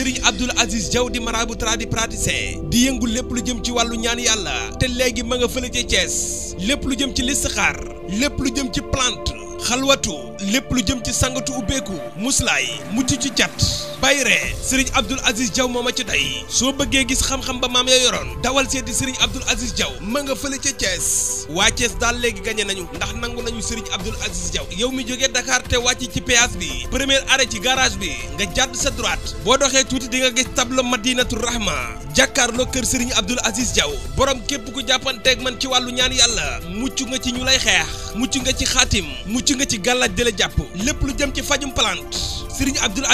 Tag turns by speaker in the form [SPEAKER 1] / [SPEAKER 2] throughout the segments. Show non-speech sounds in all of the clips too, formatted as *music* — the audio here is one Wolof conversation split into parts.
[SPEAKER 1] Serigne Abdoul Aziz Diaw di marabu tradipraticien di yëngu lépp lu jëm ci wàllu ñaan yàlla te léegi ma nga fële ca Thiès lépp lu jëm ci listixaar lépp lu jëm ci plante xalwatu lépp lu jëm ci sangatu ubbeeku muslaay mucc ci cat bay ree sëriñ Abdul Aziz Diaw moo ma ci day soo bëggee gis xam-xam ba maam ya yoroon dawal seeti sëriñ Abdul Aziz jaw ma nga fële ca Thiès waa Thiès daal léegi gañe nañu ndax nangu nañu sëriñ Abdul Aziz Diaw yow mi jógee dakaar te wàcc ci péage bi premier arrêt ci garage bi nga jàdd sa droite boo doxee tuuti di nga gis tableau Madinatu Rahma jàkkaarloo kër sëriñ Abdul Aziz Diaw borom képp ku jàppanteeg man ci wàllu ñaan yàlla mucc nga ci ñu lay xeex mucc nga ci xaatim mucc nga ci gàllaaj di la jàpp lépp lu jëm ci fajum plante sëriñ Abdul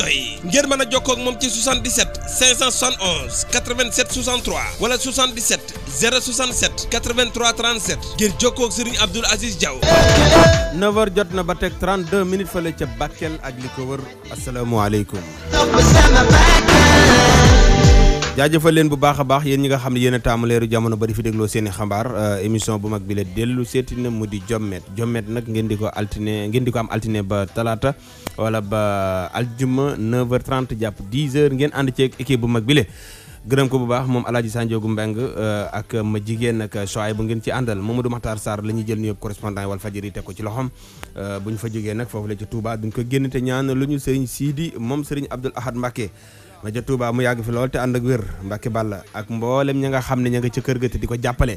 [SPEAKER 1] doy ngir mën a jokkoo ak moom ci 77 571 87 63 wala 77 067 ngir jokkoo ak Serigne Abdoul Aziz Diaw. 9 jot na ba teg 32 minutes fële ca Bakel ak li ko wër asalaamaaleykum. jaajëfal leen bu baax a baax yéen ñi nga xam ne yéen a taamu leeru jamono ba di fi dégloo seen i xambaar euh, émission bu mag bi la dellu seeti na mu di jommet jommet nag ngeen di ko altine ngeen di ko am altine ba talaata wala ba aljuma 9h30 jàpp 10h ngeen ànd ceeg équipe bu mag bi le gërëm ko bu baax moom alaaji Sanjoogu Mbeng euh, ak ma jigéen ak soaay bu ngeen ci àndal Mamadou Makhtar Sarr la ñuy jël nuyoo correspondant Walf Fadjri teg ko ci loxom euh, bu ñu fa jógee nag foofu la ci Touba duñ ko génn ñaan lu ñu sëriñ Sidi moom sëriñ Abdoul Ahad Mbacké nga ja Touba mu yàgg fi lool te ànd ak wér Mbacke Balla ak mboolem ña nga xam ne ña nga ca kër ga te di ko jàppale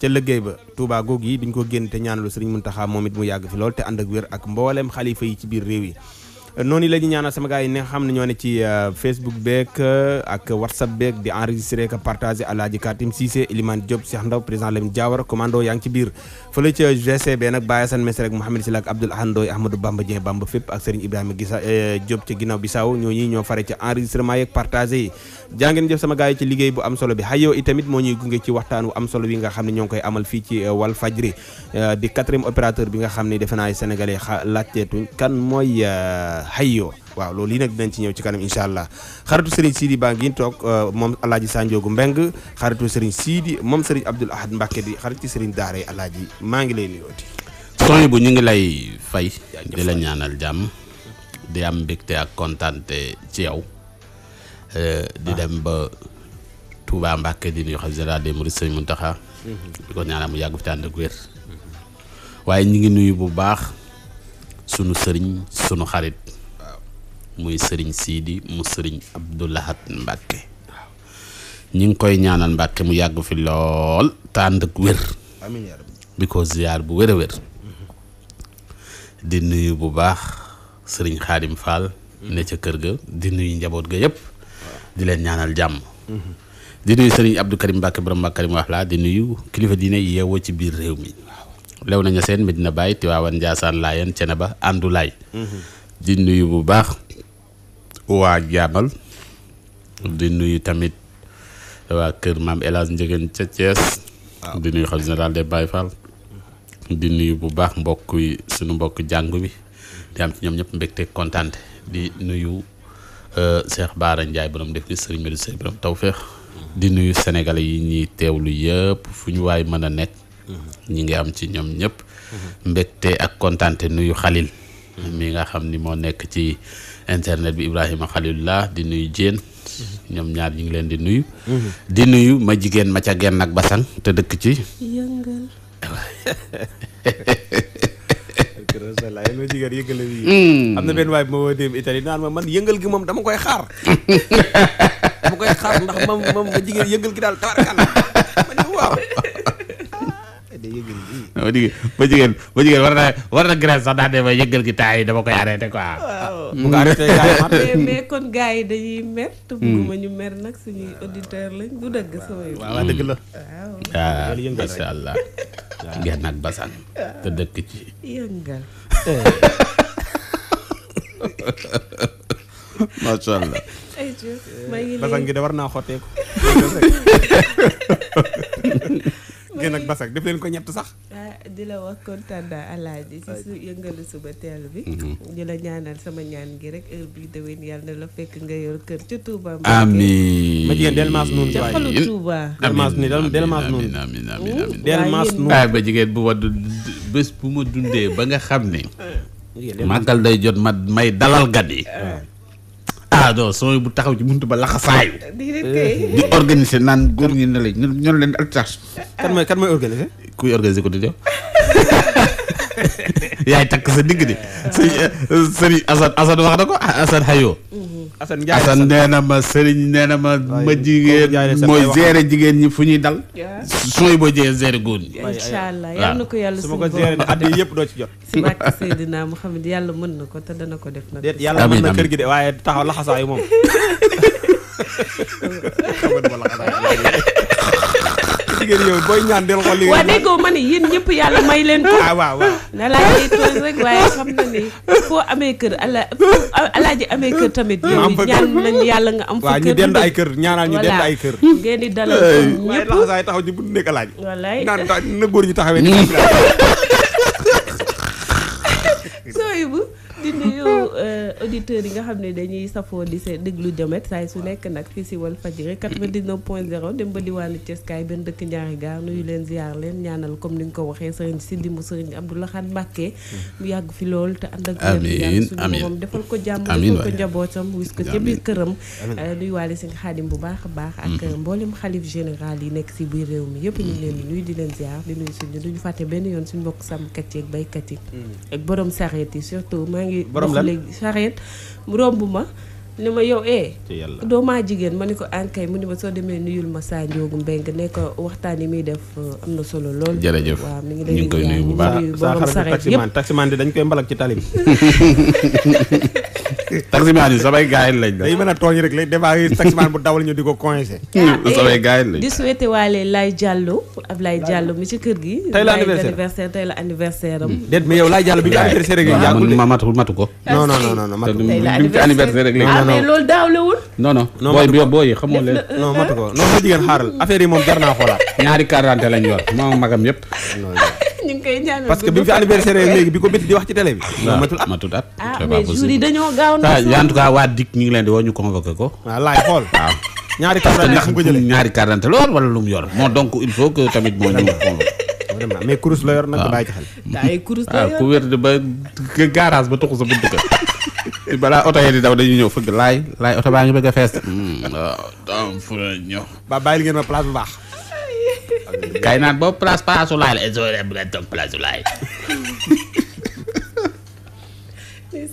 [SPEAKER 1] ca liggéey ba Touba googu yi biñ ko génn te ñaanalu Serigne Mountakha moom it mu yàgg fi lool te ànd ak wér ak mboolem xalifa yi ci biir réew yi noonu la ñu ñaanal sama gars yi ne xam ne ñoo ne ci euh, Facebook beeg euh, ak WhatsApp beeg di enregistré ak partagé Alaaji Katim Cissé Elimane Diop Cheikh Ndaw président Lamine Diawara commando yaa ngi ci biir fële ca GCB nag Baye Assane Mesere ak Mouhamed Sila ak Abdoul Ahandoy Ahmadou Bamba Dieng Bamba fépp ak Serigne Ibrahima Gisa euh, Diop ca ginnaaw Bissau ñooñu ñoo fare ca enregistrement yeeg partagé yi jàngeen jëf sama gars yi ci liggéey bu am solo bi xayoo itamit moo ñuy gunge ci waxtaan wu am solo bi nga xam ne ñoo ngi koy amal fii ci Walf Fadjri di quatrième opérateur bi nga xam ne defe naa sénégalais laajteetuñ kan mooy hayyo waaw loolu yi nag dinañ ci ñëw ci kanam incha allah xaritu Serigne Sidi baa ngi toog euh, moom alaaji Sanjoogu Mbeng xaritu sëriñ Sidi moom Serigne Abdoul Ahad Mbacke di xarit ci Serigne Daara maa ngi lay nuyooti. son bu ñu ngi lay fay. di la ñaanal jàmm. di am mbégte ak kontaante ci yow. Euh, di ah. dem ba Touba Mbacke di nuyu xam général des Mourides Serigne Mountakha. Mhm. di ko ñaanal mu yàgg fi tànn ak wér. waaye ñu ngi nuyu bu baax sunu sëriñ sunu xarit. muy sëriñ Sidi mu sëriñ Abdou Lahad Mbacke waaw ñu ngi koy ñaanal Mbacke mu yàgg fi lool tànd ak wér bi ko ziyaar bu wér wér mm-hmm. di nuyu bu baax sëriñ Xaadim Fall mm-hmm. ne ca kër ga di nuyu njaboot ga yëpp di leen ñaanal jàmm mm-hmm. di nuyu sëriñ Abdou Karim Mbacke borom Mbacke Karim wax laa di nuyu kilifa diine yeewoo ci biir réew mi lew nañu seen Medina Baye Tiwaawan Njaasaan Laayeen ba àndulaay di nuyu bu baax waa jaamal di nuyu tamit waa kër maam El Hadj ca Thiès di nuyu xam daal des Baye Fall di nuyu bu baax mbokk yi suñu mbokk jàng bi di am ci ñoom ñëpp mbégte kontaan di nuyu euh, Cheikh Baara Ndiaye borom def gi sëriñ Médou Seye borom tawféex di nuyu senegal yi ñuy teewlu yëpp fu ñu waay mën a nekk mhm. ñi ngi am ci ñoom ñëpp mhm. mbégte ak kontaan nuyu Xalil mi nga xam ni moo nekk ci internet bi Ibrahima Khalilullah di nuyu jéen ñoom ñaar ñu ngi leen di nuyu di nuyu ma jigéen ma ca genn ak basang te dëkk ci
[SPEAKER 2] yëngal
[SPEAKER 1] salaay hmm. loo am na benn waay bi ma woo dem Italie naan ma man yëngal gi moom dama koy xaar dama koy xaar ndax moom ma jigéen yëngal gi daal tawarkal *laughs* ma ne waaw ba jigéen ba jigéen war na war sax daal de ma gi taay yi dama koy arrêté quoi. waaw bu ah, ah. ko arrêté mais
[SPEAKER 2] mais kon gars yi dañuy mer. Hmm. te bëgguma ñu mer nag suñuy auditeur lañ du dëgg sama yow. waaw dëgg ah,
[SPEAKER 1] allah. ngeen nag basan te dëkk ci.
[SPEAKER 2] yëngal. *laughs* macha allah. basan gi de war naa
[SPEAKER 1] xotteeku. *laughs* *laughs* génn ak basak def leen ko ñett sax.
[SPEAKER 2] Ah, di la wax kontaan naa alaaji si su yëngalu suba teel bi. Mhm. di la ñaanal sama ñaan gi rek heure bii
[SPEAKER 1] déwén yàlla la fekk nga yor kër ca Touba. amiin ma jigéen delmaas noonu. ca xolu Touba delmaas ni delmaas noonu. amiin noonu. waaye ba jigéen bu waddu bés bu ma dundee ba nga xam ne. màggal day jot ma may dalal gan yi. ah non sooy bu taxaw ci buntu ba laxasaayu.
[SPEAKER 2] Eh. di
[SPEAKER 1] organiser naan góor ñi ne la ñu leen di altaas. kan mooy kan mooy organiser. kuy organiser ko di def. *laughs* yaay takk sa digg di sëriñ eh, Assane Assane wax na ko ah, Assane xayoo Assane Ndiaye Assane nee na ma sëriñ nee ma ma jigéen mooy gérer jigéen ñi fu ñuy dal sooy boo jee gérer góor ñi incha allah yal na ko yàlla suñu bopp at yi yëpp doo ci
[SPEAKER 2] jot si *laughs* barke Seydina Mouhamed yàlla mën na ko te dana ko def nag yàlla mën na kër gi de waaye taxaw laxasaay moom *laughs*
[SPEAKER 1] jigéen yow booy ñaan del xol li. waaw déggoo
[SPEAKER 2] ma ni yéen yàlla may leen ko. ah waaw toog rek waaye xam na amee kër tamit. yow ñaan lañ yàlla nga am. fa kër ñu dend ay
[SPEAKER 1] kër ñaanal ñu dend ay kër.
[SPEAKER 2] ngeen di dalal ñëpp
[SPEAKER 1] waaye taxaw ci bu nekk alaaji. wallaay naan na góor ñu taxawee.
[SPEAKER 2] *laughs* sooy bu. di nuyu euh, auditeurs yi nga xam ne dañuy safoo di see déglu Jommet saay su nekk nag fii si Walfadjri 99 point 0 dem ba diwaanu Thiès kaay benn dëkk ñaari gaar nuyu leen ziar leen ñaanal comme ni nga ko waxee sëriñ Sidi mu sëriñ Abdou Lahad Mbacké mu yàgg fi lool te ànd ak amiin amiin moom defal ko jàmm defal ko njabootam wis ko ca biir këram euh, nuyu waale si nga xaadim bu baax a baax ak mhm. mboolem xalif général yi nekk si biir réew mi yëpp ñu leen di mhm. nuyu di leen ziar di nuyu suñu duñu fàtte benn yoon suñu mbokk sàmmkat yi ak baykat yi mhm. ak borom ngi. borom lan léegi sareet romb ma ni ma yow eh. doo maa jigéen ma ni ko ankay mu ni ma soo demee nuyul ma saa Ndiogu Mbengue ne waxtaan yi muy def euh, am na solo lool. jërëjëf waaw mi ngi lay nuyu bu baax borom sareet yëpp
[SPEAKER 1] saa dañ koy mbalak ci tali bi. *laughs* taximaan yi samay gars yi lañ la. day mën a tooñ rek léegi débat yi taximaan bu dawal ñu di ko coincé. *laughs*
[SPEAKER 2] Hmm, samay gars yi lañ di souhaité waale Laye Diallo Ablaye Diallo mi ci kër gi. tey la anniversaire tey la anniversaire am.
[SPEAKER 1] déet mais yow Laye Diallo bi ma matu ko. Ah, non non non non matu anniversaire rek léegi. ah mais yi xamoo leen. non matu ko jigéen xaaral affaire yi moom jar naa xoolaat. ñaari quarante lañ yor moom magam
[SPEAKER 2] yëpp *laughs* ñu ngi parce que bi mu fi
[SPEAKER 1] anniversaire léegi bi ko bétti di wax ci télé bi. matul at matul at. ah mais ah, waa DIC ñu ngi leen di woo ñu convoqué ko. waaw ah, laay xool *laughs* waaw. ñaari carte d'identité fu mu ko jëlee ñaari carte d'identité lool wala lu mu yor. moo donc il faut que tamit moo ñu convoqué. *laughs* vraiment mais kurus la yor nag bàyyi ci xel. ay
[SPEAKER 2] kurus la ah, yor ku
[SPEAKER 1] wér ba garage ba tuxu sa oto baa ngi bëgg a fees. Hmm, waaw donc fu la ñëw. ba bàyyi ngeen ma place baax. kay naan boobu place palaasu laay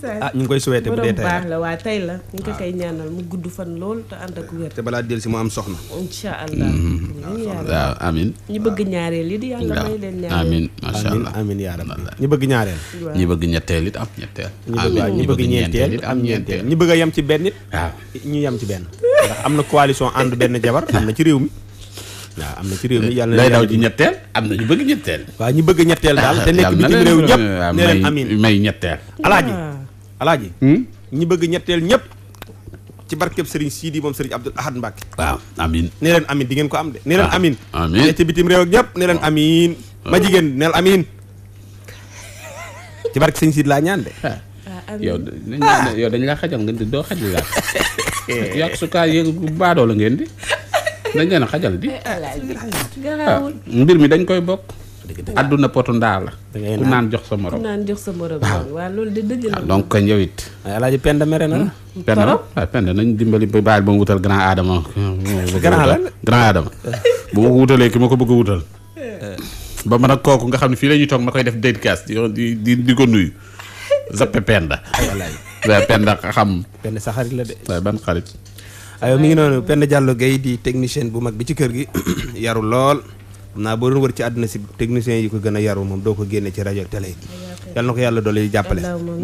[SPEAKER 2] ah ñu ngi koy souhaité bu dee tey la ah. mu gudd fan lool te ànd ak wér.
[SPEAKER 1] balaa dellu si mu am soxna.
[SPEAKER 2] incha allah. Mm-hmm. waaw amin ñu bëgg ñaareel it yàlla may
[SPEAKER 1] leen ñu bëgg ñaareel. ñu bëgg ñetteel it am ñetteel. ñu bëgg ñeenteel it am ñeenteel. ñu bëgg a yem ci benn ñu yem ci benn. ndax am na coalition ànd benn jabar am na ci réew mi. waa am na ci yàlla na day daw ci ñu bëgg ñetteel waaw ñu bëgg ñetteel daal te nekk bitim réew ñëpp ne leen amin may ñi ah. hmm? bëgg ñetteel ñëpp ci barkeb Serigne Sidi moom di ngeen ko am de ne leen ah, amin amin ci bitim réew ak ne leen ah. amin ma jigéen neel amin *laughs* ci barke Serigne Sidi laa ñaan de yow dañ laa xajal ngeen di doo xajal laa *laughs* yàq su kaa yëngu baadoo ngeen di dañ leen a xajal bi
[SPEAKER 2] eh, ah, ah,
[SPEAKER 1] mbir mi dañ koy bokk. àdduna potu ndaa la. ku naan jox sa morom.
[SPEAKER 2] jox sa morom. waaw loolu de dëgg ah, donc
[SPEAKER 1] kañ yow Penda mere na. Hmm? Penda waaw Penda nañ dimbali baal ba mu wutal grand Adama. Hmm, *laughs* grand grand *laughs* wutalee ki ma ko bëgg a wutal. Eh. ba man ak kooku nga xam ne fii lañuy ñuy ma koy def dédicace di di di ko nuyu. *laughs* zappe Penda. waaw Penda xam. sa xarit la de. waaw ban xarit. aywa mi ngi noonu Penda Diallo Guèye di technicien bu mag bi ci kër gi *coughs* yaru lool xam naa boo doon wër ci àdduna si technicien yi ko gën a yaru moom doo ko génne ci rajo ak télé yàlla na ko yàlla doole jàppale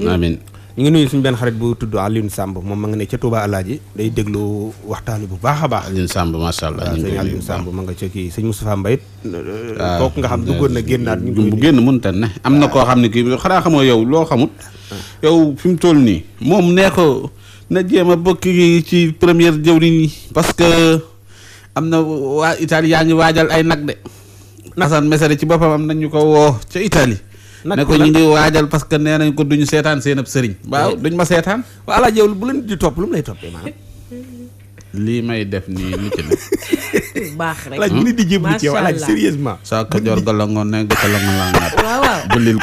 [SPEAKER 1] amiin ñu ngi nuyu suñu benn xarit bu tudd Alioune Samb moom ma nga ne ca Touba Alaaji day déglu waxtaani bu baax a baax Alioune Samb macha allah sëñ Alioune Samb ma nga ca kii sëñ Moustapha Mbaye ah, kooku nga xam duggoon na génnaat bu génn mënta ne am na koo xam ne kii xanaa xamoo yow loo xamut ah. yow fi mu toll nii moom nee na jéem a bokk ci première jëwriñ yi parce que am na waa Italie yaa ngi waajal ay nag de. Assane Mesere ci boppam am ñu ko woo ca Italie. ne ko ñu ngi waajal parce que nee nañ ko duñu seetaan seen ab sëriñ. waaw duñ ma seetaan. waaw alaaji yow bu leen di topp lu mu lay toppee maanaam. lii may def ni lu ci ne.
[SPEAKER 2] *laughs* baax rek laaj bu nit di nga
[SPEAKER 1] laangaat.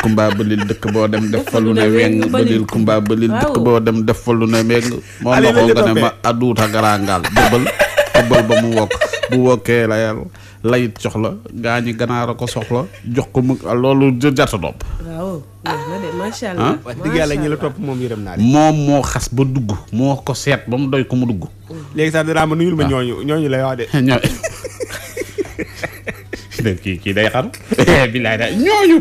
[SPEAKER 1] kumba bëlil dëkk boo dem def fa lu ne kumba bëlil dëkk boo dem def fa lu ne weng. moom la ko nga ne ma aduuta tëbbal ba mu wokk bu wokkee layal layit soxla gaa ñi ganaar a ko soxla jox ko mu loolu jarta topp
[SPEAKER 2] waaw macha ah? allah wax dëgg ñi la
[SPEAKER 1] topp moom yërëm naa moom moo xas ba dugg moo ko seet ba mu doy ko mu dugg mm. léegi sax dara ma nuyul ma ah. ñooñu ñooñu lay wax de *laughs* kii kii day xaru. *laughs* *laughs* bilaay daal
[SPEAKER 2] ñooñu.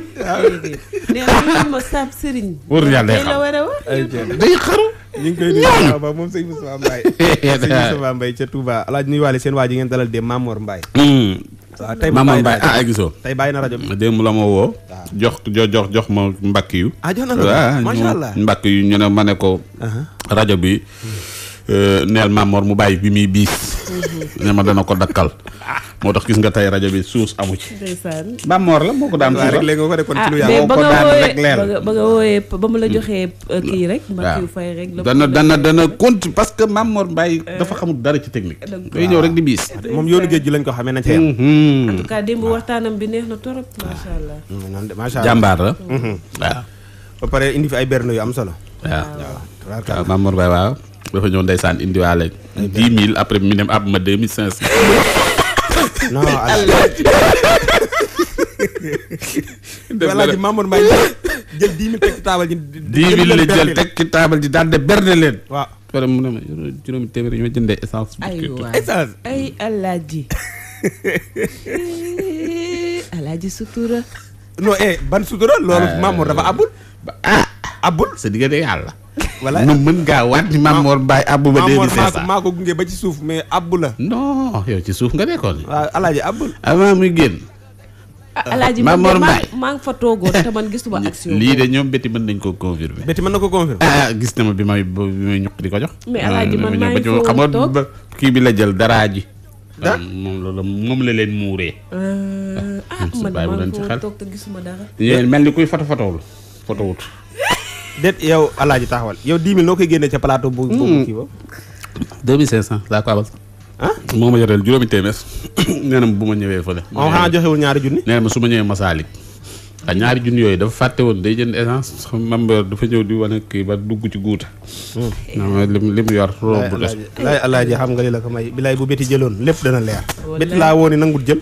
[SPEAKER 2] nee na ma saab sëriñ. wóor na yàlla day
[SPEAKER 1] xaru day xaru. ñu ngi koy nuyu ba moom sëñ Moustapha Mbaye. sëñ *laughs* Moustapha Mbaye ca Touba alaaj nuy waale seen waa ji ngeen dalal de Mamor Mbaye. Hmm.
[SPEAKER 2] waaw tey Mamor Mbaye ah gisoo. tey na rajo
[SPEAKER 1] bi. démb la ma woo. jox jox jox ma yu. ah jox ah, yu ñu ne ma ne ko. Uh-huh. rajo bi. Hmm. Euh, neel Mamor mu bàyyi bi muy biis. Mhm. ne ma dana ko dakkal. moo tax gis nga tey rajo bi suus amu ci. Mamor la moo ko daan suus ko kon ci lu ah, yaa ko daan rek leer
[SPEAKER 2] ba nga wooyee ba mu la mm. joxee mm. kii rek. waaw fay rek dana dana
[SPEAKER 1] dana parce que Mamor Mbaye euh, dafa xamul dara ci technique. day ñëw rek di biis. moom yoonu géej gi lañ ko xamee na ca yam. Mm-hmm. en tout
[SPEAKER 2] cas démb waxtaanam bi neex na torop ah.
[SPEAKER 1] mm, jàmbaar la. waaw. Mm-hmm. Ah. ba pare indi fi ay berne yu am solo. waaw waaw. waaw Mamor dafa ñëw ndeysaan indiwaale dix mille après mi dem ab ma deux mille cinq cent non *laughs* alaaji Mamour jël dix teg ci taabal ji dix mille taabal ji daal de berne leen waaw pare mu ne ma juróomi téeméer ñu ma jëndee essence ay waay essence
[SPEAKER 2] ay alaaji *laughs* alaaji sutura
[SPEAKER 1] non eh, ban sutura
[SPEAKER 2] loolu ah. Mamour dafa abul
[SPEAKER 1] ah abul sa diggante yàlla voilà ma mën ngaa waat ni Maam Mor Mbaye abbu ba. 2500 maa ko gunge ba ci suuf mais abbu la. non yow ci suuf nga nekkoon. waaw alaaji abbu. avant muy génn. Ah, alaaji Maam Mor lii de ñoom bétti mën nañ koo confirmer. bétti mën na ko confirmer. ah gis na ma bi may bi di ko jox. mais alaaji ah, man maa ngi foo kii bi la jël daraa ji. da ah, moom la leen muuree.
[SPEAKER 2] Euh,
[SPEAKER 1] ah man maa ngi foo toog te gisuma dara. mel ni kuy foto fotowul fotowut. déet yow alaaji taxawal yow 10 000 noo koy génnee ca plateau bu bu hmm. kii ba. 2500 laa ko abal. ah moo ma yoreel juróomi téeméer. *coughs* nee na bu ma ñëwee fële. moom ah, xanaa joxewul ñaari junni. nee na ma su ma ñëwee Masaalik. waaw ah, ñaari junni yooyu dafa fàtte woon day jënd essence mam dafa ñëw di wane kii ba dugg ci guuta. Hmm. lim lim yor romb des. laay alaaji xam nga li la ko may bilaay bu bétti jëloon lépp dana leer. bét laa woo ni nangul jël.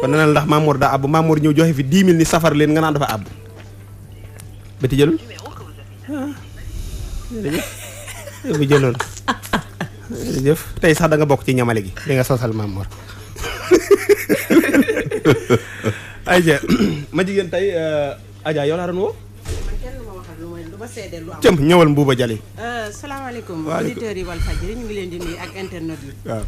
[SPEAKER 1] kon nee na ndax Mamour daa àbb Mamour ñëw joxe fi 10 000 ni safar leen nga naan dafa àbb bétti bu jëloon jërëjëf tey sax da nga bokk ci ñamale gi li nga sosal Mamour ayja ma jigéen tey euh, Adja yow woo
[SPEAKER 2] cëm ñëwal mbuuba jali euh, salaamaaleykum auditeurs yi Walfadjri ñu ngi leen di ak internet yi waaw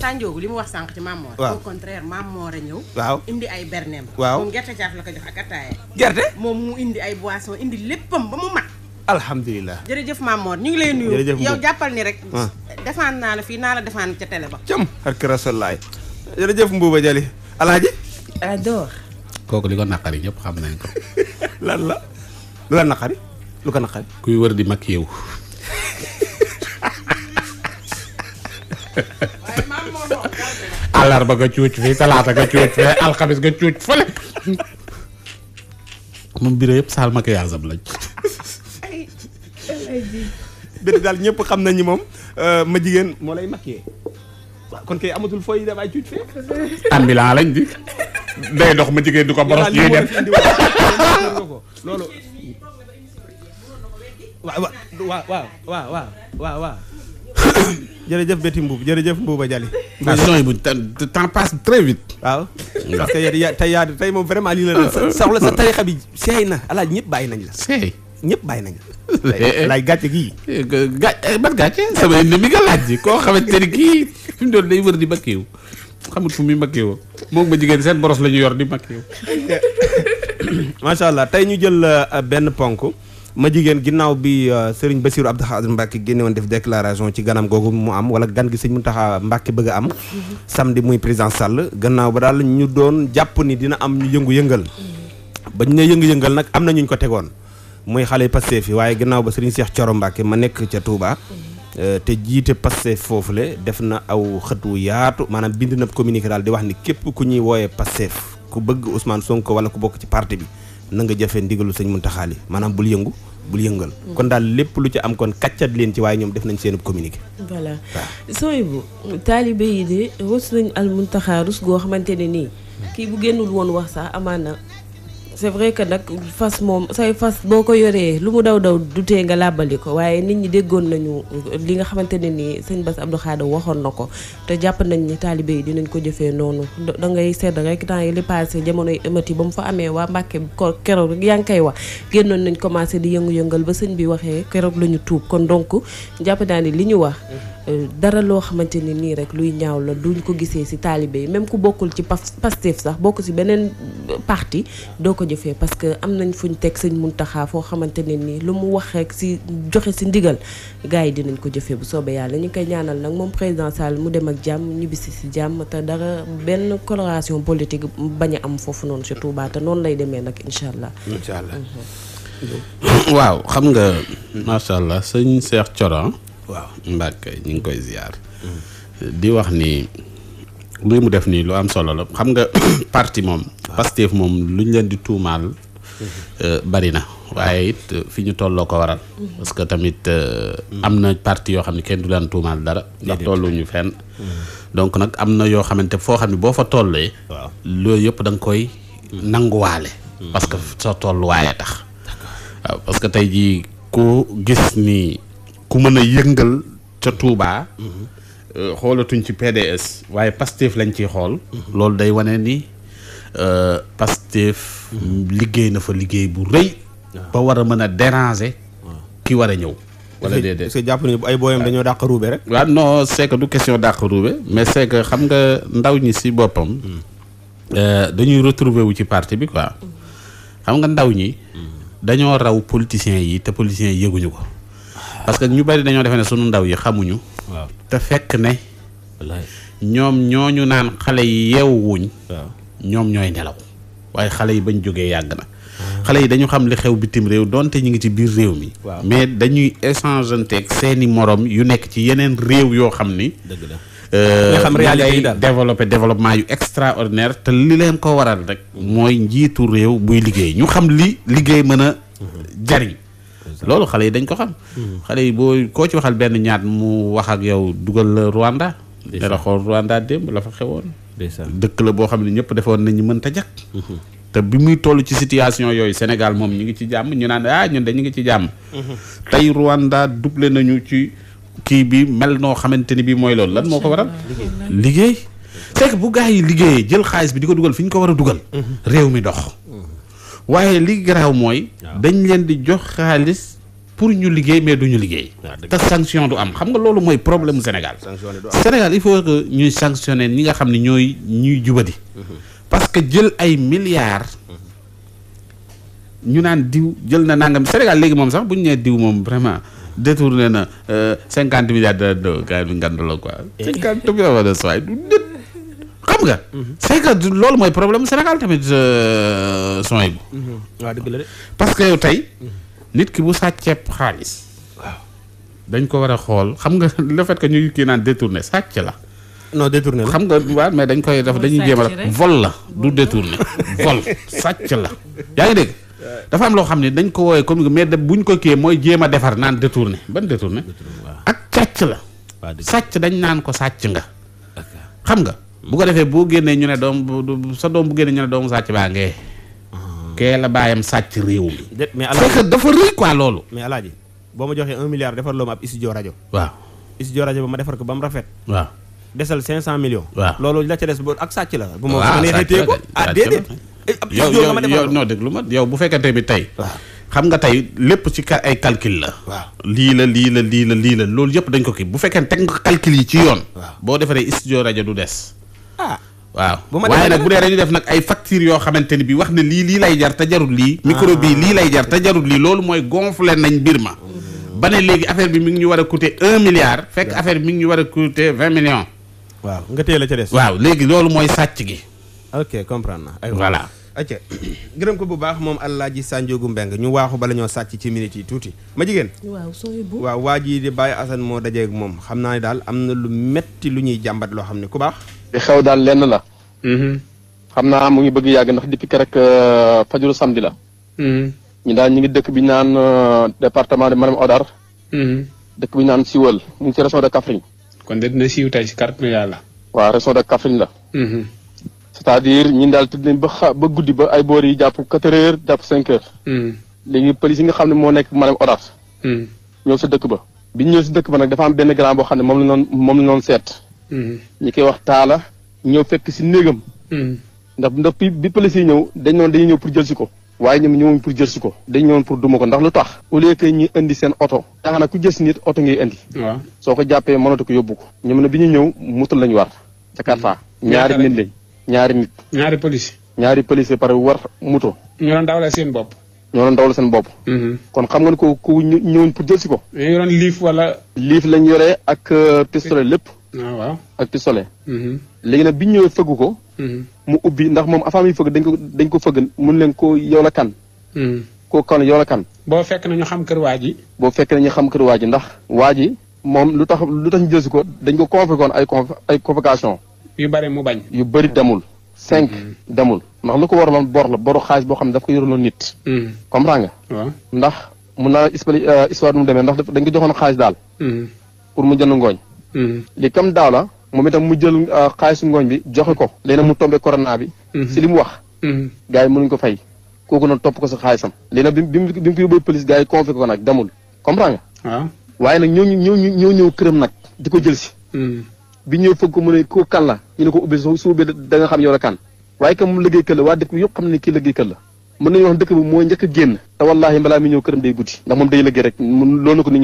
[SPEAKER 2] sànjoogu li mu wax sànq ci Mamor waaw au a ñëw waaw indi ay berneem waaw moom gerte caaf la ko jox ak attaaya gerte moom mu indi ay boisson indi léppam ba mu mat
[SPEAKER 1] alhamdulilah
[SPEAKER 2] jërëjëf Mamor ñu ngi lay nuyu yow jàppal ni rek ah. defaan naa la fii naa la defaan ca télé ba cam
[SPEAKER 1] xarki rasulaay jërëjëf Mbuuba Jali alaaji ador kooku li ko xam nañ ko *laughs* lan la lu la nga *laughs* cuuc fii talaata nga cuuc fee alxamis nga cuuc fële *laughs* moom biro yëpp saal maquillage am lañ béti daal ñëpp xam nañu moom euh, ma jigéen moo lay mag waaw kon kay amatul fooy dem ay cuuj fee. ambulant lañ di. day dox ma jigéen di ko boros ñuy def loolu. waaw waaw waaw waaw waaw *coughs* jërëjëf Betty Mbuub jërëjëf Mbuuba Jali. émission ah, yi bu temps waaw parce que yaa tey yaa tey moom vraiment lii la. Ah, ah. soxla sa tarixa bi seey na alaaj ñëpp bàyyi nañ la. seey ñëpp bàyyi nañ la. laaj eh, eh. gàcce gii. gà eh, ban gàcce sama indi mi nga laaj ji koo xamante ni kii fi doon day wër di makkiw xamut fu muy makkiw moom ma jigéen seen boros la ñu yor di makkiw. *coughs* macha allah tey ñu jël euh, benn ponk. ma jigéen ginnaaw bi euh, Serigne Bassirou Abdou Khadre Mbacké génne woon def déclaration ci ganam googu mu am wala gan gi mu taxa Mbacké bëgg a am mhm. samdi muy président Sall gannaaw ba daal ñu doon jàpp ni dina am ñu yëngu-yëngal mhm. bañ ne yëngu-yëngal nag am na ñu ko tegoon muy xale Pastef yi waaye gannaaw ba Serigne Cheikh Thioro Mbacke ma nekk ca Touba. Euh, te jiite Pastef foofule def na aw xët wu yaatu maanaam bind na communiqué daal di wax ni képp ku ñuy wooyee Pastef ku bëgg Ousmane Sonko wala ku bokk ci parti bi na nga jëfee ndigalu sëñ Mountakha Li maanaam bul yëngu. bul yëngal mm. kon daal lépp lu ci am kon kàccat leen ci waaye ñoom def nañ seen communiqué.
[SPEAKER 2] sooy bu taalibe yi de rus nañ al muntaxaa goo xamante nii. Hmm. kii bu c'est vrai que nag fas moom say fas boo ko yoree lu mu daw daw du tee nga làbbali ko waaye nit ñi déggoon nañu li nga xamante ne nii sëñ Bass Abdou Khadre waxoon na ko te jàpp nañ ni taalibe yi dinañ ko jëfee noonu da ngay seet rek temps yi li passé jamonoy ëmati ba mu fa amee waa Mbàkke ko keroog rek yaa ngi koy wax génnoon nañ commencé di yëngu-yëngal ba sëñ bi waxee keroog la ñu tuub kon donc jàpp naa ni li ñu wax Euh, dara loo xamante ni nii rek luy ñaaw la duñ ko gisee ci taalibe yi même ku bokkul ci Pastef sax bokk ci beneen parti doo ko jëfee parce que am nañ fu ñu teg mun Muntaxa foo xamante ne nii lu mu wax rek ci joxe ci ndigal gars yi dinañ ko jëfee bu soobee yàlla ñu koy ñaanal nag moom président Sall mu dem ak jàmm ñibbisi ci jàmm te dara benn coloration politique bañ am foofu noonu ci Touba noonu lay demee nag incha allah. incha allah
[SPEAKER 1] mhm. waaw xam nga macha allah sëñ Cheikh Thioro waaw Mbàkke ñu ngi koy ziar. di wax ni luy mu def nii lu am solo la xam nga *coughs* parti moom. Pastef moom lu ñu leen di tuumaal. Mm-hmm. Euh, bari na waaye it fi ñu tolloo ko waral. Mm-hmm. parce que tamit euh, mm-hmm. am na parti yoo xam ne kenn du leen tuumaal dara. ndax ñu fenn. donc nag am na yoo xamante foo xam ne boo fa tollee. waaw loolu yëpp da nga koy nanguwaale. parce que sa tolluwaayee tax. waaw parce tey jii ku gis ni. ku mën a yëngal ca Touba. Euh, xoolatuñ ci PDS waaye Pastef lañ ciy xool. loolu day wane ni euh, Pastef. liggéey na fa liggéey bu rëy. ba war a mën a déranger. ki war a ñëw. wala déedéet parce que jàpp nañu ay booyam dañoo dàq ruube rek. waaw non c'est que du question dàq ruube mais c'est xam nga ndaw ñi si boppam. Euh, dañuy retrouver wu ci parti bi quoi. xam nga ndaw ñi. dañoo raw politiciens yi te politiciens yi yëguñu ko. parce que ñu bari dañoo defee ne sunu ndaw yi xamuñu. waaw te fekk ne. ñoom ñooñu naan xale yi yeewuwuñ. ñoom ñooy nelaw. waaye xale yi bañ jógee yàgg na. Ah. xale yi dañu xam li xew bitim réew donte ñu ngi ci biir réew mi. mais dañuy échangeanteeg seeni morom yu nekk ci yeneen réew yoo xam ni. dëgg la euh, nga xam yi daal développement yu extraordinaire te li leen ko waral rek. mooy njiitu réew buy liggéey ñu xam li liggéey mën a mm-hmm. jariñ. loolu xale yi dañ ko xam. Hmm. xale yi boo koo ci waxal benn ñaat mu wax ak yow dugal la Rwanda. da la xool Rwanda démb la fa xewoon. dëkk la boo xam ne ñëpp defoon nañu mën ta jak hmm. te bi muy toll ci situation yooyu Sénégal moom ñu ngi ci jàmm ñu naan ah ñun de ñu ngi ci jàmm. Hmm. tey Rwanda doublé nañu ci kii bi mel noo xamante ni bii mooy loolu lan moo ko waral. liggéey fekk bu gaa yi liggéeyee jël xaalis bi di ko dugal fi ñu ko war a dugal. réew mi dox. waaye li garaaw mooy. dañ leen di jox xaalis pour ñu liggéey mais du ñu liggéey. te sanction du am xam nga loolu mooy problème mu Sénégal. Sénégal il faut que ñuy sanctionner ñi nga xam ne ñooy ñuy jubadi. Mm-hmm. parce que jël ay milliards. Mm-hmm. ñu naan diw jël na nangam Sénégal léegi moom sax bu ñu nee diw moom vraiment. détourné na euh, cinquante milliards de dollars gars yi ngandaloo quoi. cinquante milliards du nit. xam nga. c'est loolu mooy problème Sénégal tamit euh, son yi. Mm-hmm. waaw dëgg la parce que yow tey. nit ki bu sàcceeb xaalis. waaw dañ ko war a xool xam nga *laughs* le fait que ñu kii naan détourné sàcc la. non détourné la xam nga waaw mais dañ koy def dañuy jéem a vol la du détourné *laughs* vol sàcc la yaa ngi dégg. dafa am loo xam ne dañ ko woowee comme mais buñ ko kiiyee mooy jéem a defar naan détourné ban détourné. ak càcc la. sàcc dañ naan ko sàcc nga. xam nga. bu ko defee boo génnee ñu ne doom sa doom bu génnee ñu ne doomu sàcc baa ngee ah. kee la bàyyam sàcc réew mi. mais alaaji dafa rëy mais alaaji boo ma joxee un milliard defar loo ma rajo. waaw studio rajo ba ma defar ko ba mu rafet. waaw desal cinq cent millions. waaw loolu la ca des ba ak sàcc la. bu ma ma nee tee ko ah déedéet. yow yow yow non déglu ma yow bu fekkente bi tey. xam nga tey lépp ci ka ay calcul la. waaw lii la lii la lii la lii la loolu yëpp dañ ko kii bu fekkee teg nga calcul yi ci yoon. boo defaree studio rajo du des. ah waaw waaye nag bu dee dañu def nag ay facture yoo xamante ni bi wax na lii lii lay jar te jarut lii micro lii lay jar te jarut lii loolu mooy gonflé nañ mbir ma ba léegi affaire bi mi ngi ñu war a couté un milliard fekk affaire bi mi ngi ñu war a coûter vingt millions waaw nga téye la ca des waaw léegi loolu mooy sàcc gi ok comprendre na voilà acca gërëm ko bu baax moom Alaaji Sanjoogu Mbeng ñu waaxu bala ñoo sàcc ci minute yi tuuti ma jigéen
[SPEAKER 2] waaw sooy waaw
[SPEAKER 1] waa ji di Baye Assane moo dajeeg moom xam naa ne daal am
[SPEAKER 3] na lu metti lu ñuy jàmbat loo xam ne ku baax li xew daal lenn la. Mm-hmm. xam naa mu ngi bëgg yàgg ndax depuis rek euh, fajaru samdi la. Mm-hmm. ñu daal ñu ngi dëkk bi naan euh, département de Malem Hodar. Mm-hmm. dëkk bi naan siwal mu ngi ci région de Kaffrine. kon de dina siiw tey si kàttanu yàlla. waaw région de Kaffrine la. c'est-à-dire ñun daal tëdd nañ ba xa ba guddi ba ay boor yi jàpp quatre heures jàpp cinq heures. léegi pëlis yi nga xam ne moo nekk Malem Hodar. ñëw si dëkk ba. bi ñëw si dëkk ba nag dafa am benn grand boo xam ne moom la ñu doon moom seet. Mm-hmm. ñi koy wax taala ñoo fekk si néegam mm-hmm. ndax ndax bi police yi ñëw dañ noon dañuy ñëw pour jël si ko waaye ñoom ñëwoon pour jël si ko dañ ñëwoon pour duma ko ndax lu tax au lieu que ñu indi oto daanaka ku jël si nit oto ngay indi waaw ko jàppee mënatu ko yóbbu ko ñoom ne bi ñu ñëw mutul lañu war ca Jakarta mm-hmm. ñaari nit lañ ñaari nit ñaari police ñaari police pare war moto ñoo doon dawale seen bopp ñoo doon seen bopp kon xam nga ne ko ku ñëwoon pour jël si ko ñoo liif wala liif lañ yoree ak euh, pistolet lépp ah waaw ak pistolet. Mm-hmm. léegi nag bi ñu ñëwee fëgg ko. Mm-hmm. mu ubbi ndax moom avant muy fëgg dañ ko dañ ko fëgg mun leen ko yow la kan. Mm-hmm. koo kan yow la kan. boo fekk nañu xam kër waa ji. boo fekk nañu xam kër waa ji ndax. waa ji moom lu tax lu tax ñu jël ko dañ ko convoqué woon ay ay convocation. yu bari mu bañ. yu bari demul. cinq demul ndax lu ko waraloon boor la boru xaalis boo xam ne daf ko yoraloon nit. comprends nga. ndax mun naa expliquer euh, histoire mu demee ndax dañ ko joxoon xaalis daal. pour mu jënd ngooñ. Mm-hmm. li kam daaw la moom itam mu jël euh, xaalisu ngooñ bi joxe ko léegi nag mu tombé corona bi. Mm-hmm. si li mu wax. Mm-hmm. gars yi mënuñ ko fay kooku noonu topp ko sa xaalisam. léegi nag bi mu bi mu ko yóbboo police gars yi convoqué ko nag demul comprendre nga. waaw ah. waaye nag ñoo ñëw ñoo ñëw këram nag di ko jël si. bi ñëw foog ko mu ne koo kan la ñu ne ko ubbi su su da nga xam yow la kan waaye kam mu liggéey kër la waa dëkk bi yëpp xam ne kii liggéey kër la. mën nañu wax dëkk bi mooy njëkk a génn te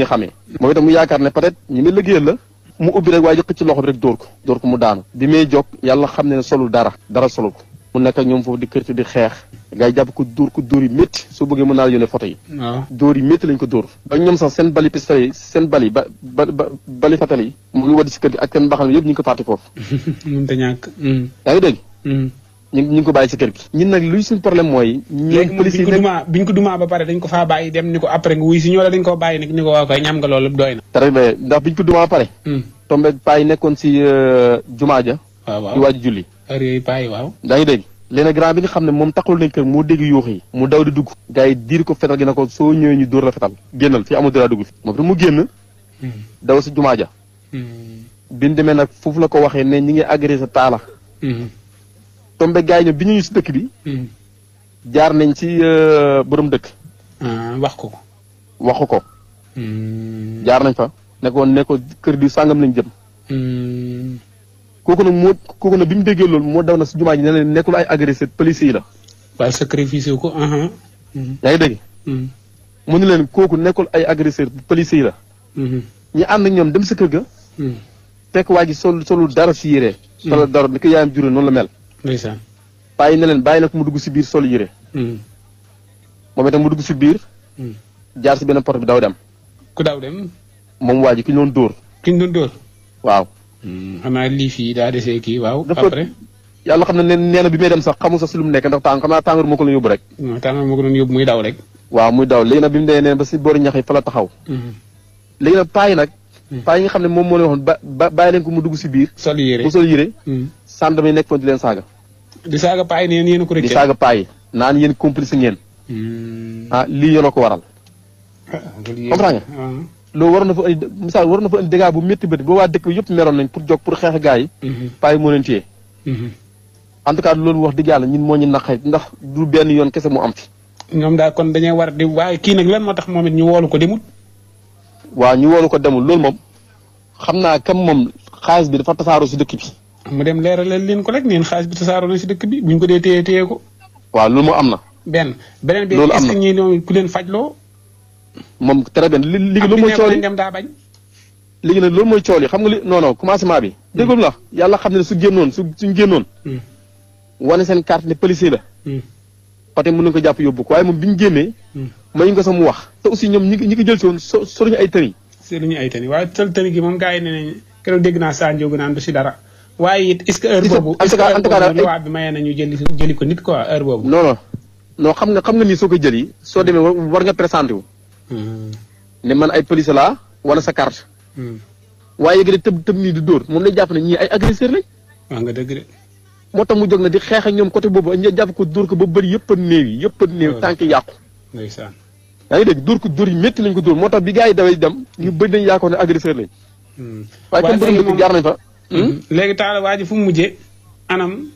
[SPEAKER 3] xamee. moom yaakaar ne peut-être ñi muy la mu ubbi rek waaye xëcc loxo bi rek dóor ko dóor ko mu daanu bi may jóg yàlla xam ne ne solul dara dara solul ko mu nekk ñoom foofu di kërti di xeex ngay jàpp ko dóor ko dóor yi métti soo bëggee mën naa la yónnee photo yi dóor yi métti lañ ko dóor ba ñoom sax seen bali pistolet yi seen bali ba ba bali fatal yi mu ngi wadi si kër gi ak seen mbaxal yëpp ñu ngi ko fàtte foofu *laughs* mm. yaa ngi dégg mm. ñu ngi ko bàyyi ci kër gi. ñun nag luy suñu problème mooy. ñoom police yi biñ ko dumaa ba pare dañ ko faa bàyyi dem ni ko après nga wuy si ñoo la dañ ko bàyyi nag ñu ko waa hmm. nekkoon si euh, jumaa ja. waaw waaw julli. heure yi waaw. daa ngi dégg léegi bi nga xam ne moom taxul nañ kër dégg yuux yi. mu daw di dugg. gars yi ko fetal gi na ko soo ñëwee ñu dóor la fetal. génnal fii amul dara dugg fi. mu génn. Hmm. daw si jumaa ja. Hmm. bi demee nag foofu la ko waxee ne ñi ngi agressé taala tombe gaa yi ñoom bi ñu ñu si dëkk bi. Hmm. jaar nañ ci euh, borom dëkk. Hmm, wax ko ko. waxu ko. Hmm. jaar nañ fa ne ko ne ko kër di sàngam lañ jëm. kooku nag moo kooku nag bi mu déggee loolu moo daw na si jumaa ji ne leen nekkul ay agressé police yi la. waaw sacrifice ko. Uh-huh. yaa ngi dégg. mu ne leen kooku nekkul ay agresseur police la. ñu ànd ñoom dem si kër ga. tekk waa ji sol solul dara si yére. solul dara ni ko yaayam juree noonu la mel. ndeysaan bàyyi na leen bàyyi na ko mu dugg si biir sol yére hmm. moom itam mu dugg si biir hmm. jaar si benn porte bi daw dem ku daw dem moom waa ji ki ñu doon dóor ki ñu doon dóor waaw hmm. xanaa lii fii daa desee kii waaw après yàlla xam ne ne nee na bi may dem sax xamul sax si lu mu nekk ndax tàng xam naa tàngoor moo ko doon yóbbu rek tàngoor moo ko doon yóbbu muy daw rek waaw muy daw léegi nag bi mu dee neen ba si boori ñax yi fa la taxaw léegi nag paa nag paa yi nga xam ne moom moo leen waxoon ba ba bàyyi leen ko mu dugg si biir. sol yére mu sol yére. Hmm. sàndarma nekk foofu di leen saaga. di saaga paa yi yéen a ko rëcc. di saaga paa yi naan yéen complice ngeen. Hmm. ah lii yéen a ko waral. Ah, comprendre nga. Ah. loolu waroon na fa indi misaal war na fa indi bu métti bët boo waa dëkk yëpp meroon nañ pour jóg pour xeex gaa hmm. moo leen téye. en loolu wax dëgg yàlla ñun moo ñu naqari ndax du benn yoon kese mu am fi. ñoom daal kon dañuy war di waaye kii nag lan moo tax moom it ñu woolu ko demut waaw ñu woolu ko demul loolu moom xam naa kam moom xaalis bi dafa tasaaroo si dëkk bi. mu dem leeralal leen ko rek neen xaalis bi tasaaroo na si dëkk bi buñ ko dee téye téye ko. waaw loolu moo am na. benn beneen bi est-ce que ñii ñoom ku leen fajloo. moom très bien li li loolu mooy coow li dem daa bañ. léegi nag loolu mooy coow xam nga li non non commencement bi. Hmm. déggul la yàlla xam ne su génnoon su suñ génnoon. Hmm. wane seen carte ne policier la. peut-être hmm. mën nañu ko jàpp yóbbu ko waaye moom bi ñu génnee.
[SPEAKER 2] may nga sam wax
[SPEAKER 3] te aussi ñoom ñi ñi ko jël si woon so soriñu ay tani soriñu ay tani waaye tël tani gi moom gars yi waaye it est-ce ko nit quoi heure boobu non non xam nga xam nga nii soo ko jëli soo demee war nga présenté wu hmm. ne man ay police la wala sa carte hmm. waaye yëg de tëb tëb nii di dóor moom lay jàpp ne ñi ay agresseur lañ waa nga dëgg de moo tax mu jóg na di xeex ak ñoom côté boobu ñu jàpp ko dóor ko ba bëri yëpp a néew yi yëpp a néew oh, tànk yàqu yaa ngi dégg dóor ko dóor yi métti lañ ko dóor moo tax bi gars yi daway dem ñu bëri nañ yaakaar ne agresseur lañ
[SPEAKER 2] hmm. waaye
[SPEAKER 3] fa hmm? léegi taala waa fu mu mujjee anam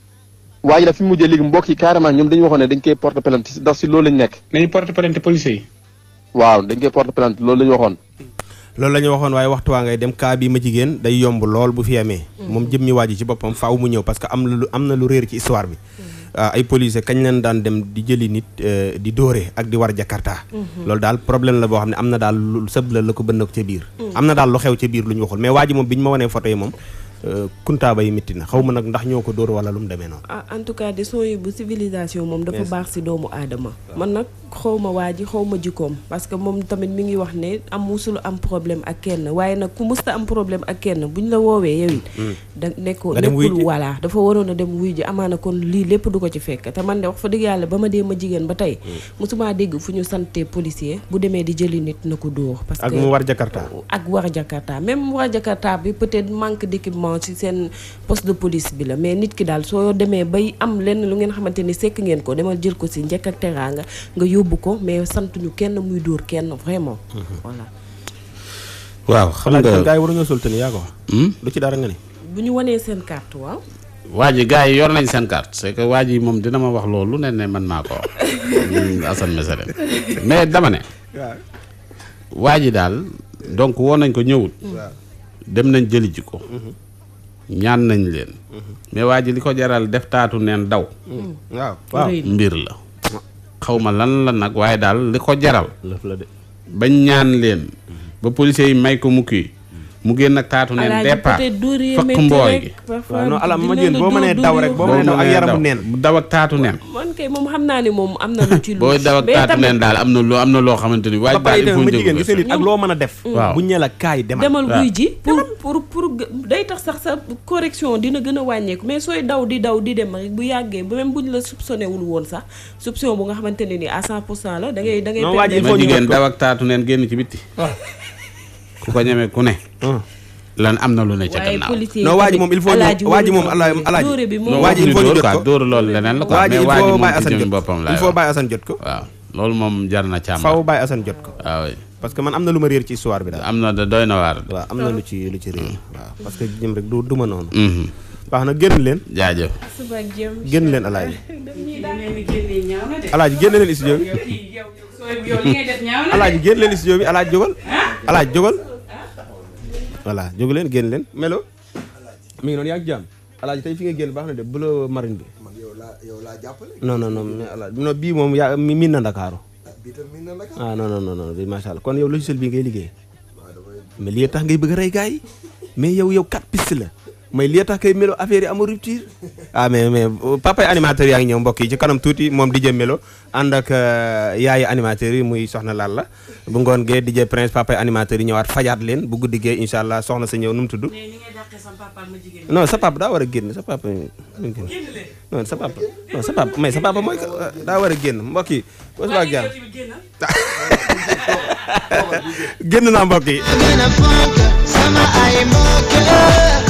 [SPEAKER 3] waa ji daf fi mu mujjee léegi mbokk yi carrément ñoom dañu waxoon ne dañ koy porte plainte ndax si loolu lañ nekk dañuy porte plainte police yi waaw dañ koy porte plainte loolu la ñu waxoon
[SPEAKER 1] loolu la waxoon waaye waxtu waa ngay dem cas bi ma jigéen day yomb lool bu fi amee hmm. moom jëm ñi waa ci boppam faaw mu ñëw parce que am lu am na lu réer ci histoire bi Euh, ay policiers kañ leen daan dem di jëli nit euh, di dóore ak di war jakarta mhm. loolu daal problème la boo xam ne am na daal lu sëb la la ko bënn ca biir mhm. am na daal lu xew ca biir lu waxul mais waa moom bi ñu ma wanee photo yi moom Euh, kuntaaba yi métti na xaw ma nag ndax ñoo ko dóor wala lu mu demee noonu.
[SPEAKER 2] Ah, en tout cas de son yi bu civilisation moom dafa baax si doomu aadama. man nag xaw ma waa ji xaw ma jikkoom parce que moom tamit mi ngi wax ne am musul am problème ak kenn waaye nag ku musta am problème ak kenn buñ la woowee yow it. Mm. da nekkoo nekkul voilà dafa waroon a dem wuy ji amaana kon lii lépp du ko ci fekk te man de wax fa dëgg yàlla ba ma dee ma jigéen ba tey. mosuma mm. dégg fu ñu sante policier bu demee di jëli nit na ko dóor. parce que ak mu war Jakarta. ak war Jakarta bi peut-être manque d'équipement souvent ci seen poste de police bi la mais nit ki daal soo demee bay am lenn lu ngeen xamante ni sekk ngeen ko demal jël ko si njëkk ak teraanga nga yóbbu ko mais sant ñu kenn muy dóor kenn vraiment. Mhm. voilà.
[SPEAKER 1] waaw xam nga gars yi waruñoo soltani yaa ko. Hmm? lu ci dara nga ni.
[SPEAKER 2] bu ñu wanee seen carte waaw.
[SPEAKER 1] waa ji yi yor nañ seen carte c'est que waa ji moom dina ma wax loolu ne ne man naa ko hmm, Assane Mesere mais dama ne. waaw waa ji daal donc woo nañ ko ñëwut. dem nañ jëli ko. Mhm. ñaan nañ leen. mais waa ji li ko jaral def taatu neen daw. Mm. waaw mbir la. xawma ma lan la nag waaye daal li ko jaral. bañ ñaan leen. ba policiers yi may ko mu mu génn ak taatu neen départ
[SPEAKER 2] fekk mbooy gi ma jën boo mënee daw rek daw ak yaramu
[SPEAKER 1] neen daw taatu neen
[SPEAKER 2] moom xam naa ne moom am na lu ci lu booy daw daal
[SPEAKER 1] am na loo am na loo xamante ni waaye daal il faut ma loo mën a def mm. waaw buñ ne la kaay demal demal ji
[SPEAKER 2] pour pour pour day tax sax sa correction dina gën a wàññeeku mais sooy daw di daw di dem rek bu yàggee même buñ la soupçonné wul woon sax soupçon bu nga xamante ne ni à cent pour cent la da ngay da ngay waa ji il faut jigéen daw
[SPEAKER 1] ak taatu neen génn ci bitti ah. ku ko ñeme ku ne. Hmm. lan am na lu ne ca gannaaw. non waa ji moom il faut ñu moom alaaji waa ji il faut ñu ko dóor loolu leneen la quoi mais waa ji moom ci jëmmi boppam la il faut bàyyi jot ko waaw loolu moom jar na càmm faw bàyyi Assane jot ko waaw ah parce man am na lu ma réer ci histoire bi daal am na doy na waar waaw am lu ci lu ci réer hmm. waaw que jëm rek du du ma noonu hmm. baax na génn leen jaajëf génn leen alaaji
[SPEAKER 2] *laughs* alaaji génn leen studio bi alaaji génn leen
[SPEAKER 1] studio bi alaaji jógal alaaji jógal voilà jógu leen génn leen melo mi ngi noonu yaa ngi jàmm alaaji tey fi nga génn baax de bleu marine bi man yow laa yow laa jàppale non non non moom yaa miin na Ndakaaru ah, bii tam miin na Ndakaaru ah non non bi macha allah kon yow logiciel bi ngay liggéey mais lii tax ngay bëgg a rey gars yi mais yow yow quatre mais li tax kay melo affaire yi amul rupture ah mais mais animateur yaa ngi ñëw mbokk yi ci kanam tuuti moom DJ Melo ànd ak euh, yaayu animateur yi muy soxna laal la bu ngoon gee DJ Prince papa animateur yi ñëwaat fajaat leen bu guddi gee incha allah soxna sa ñëw nu mu tudd. non sa papa daa war a génn sa papa. non sa papa non sa euh, daa war a génn mbokk yi. *laughs*
[SPEAKER 3] génn naa mbokk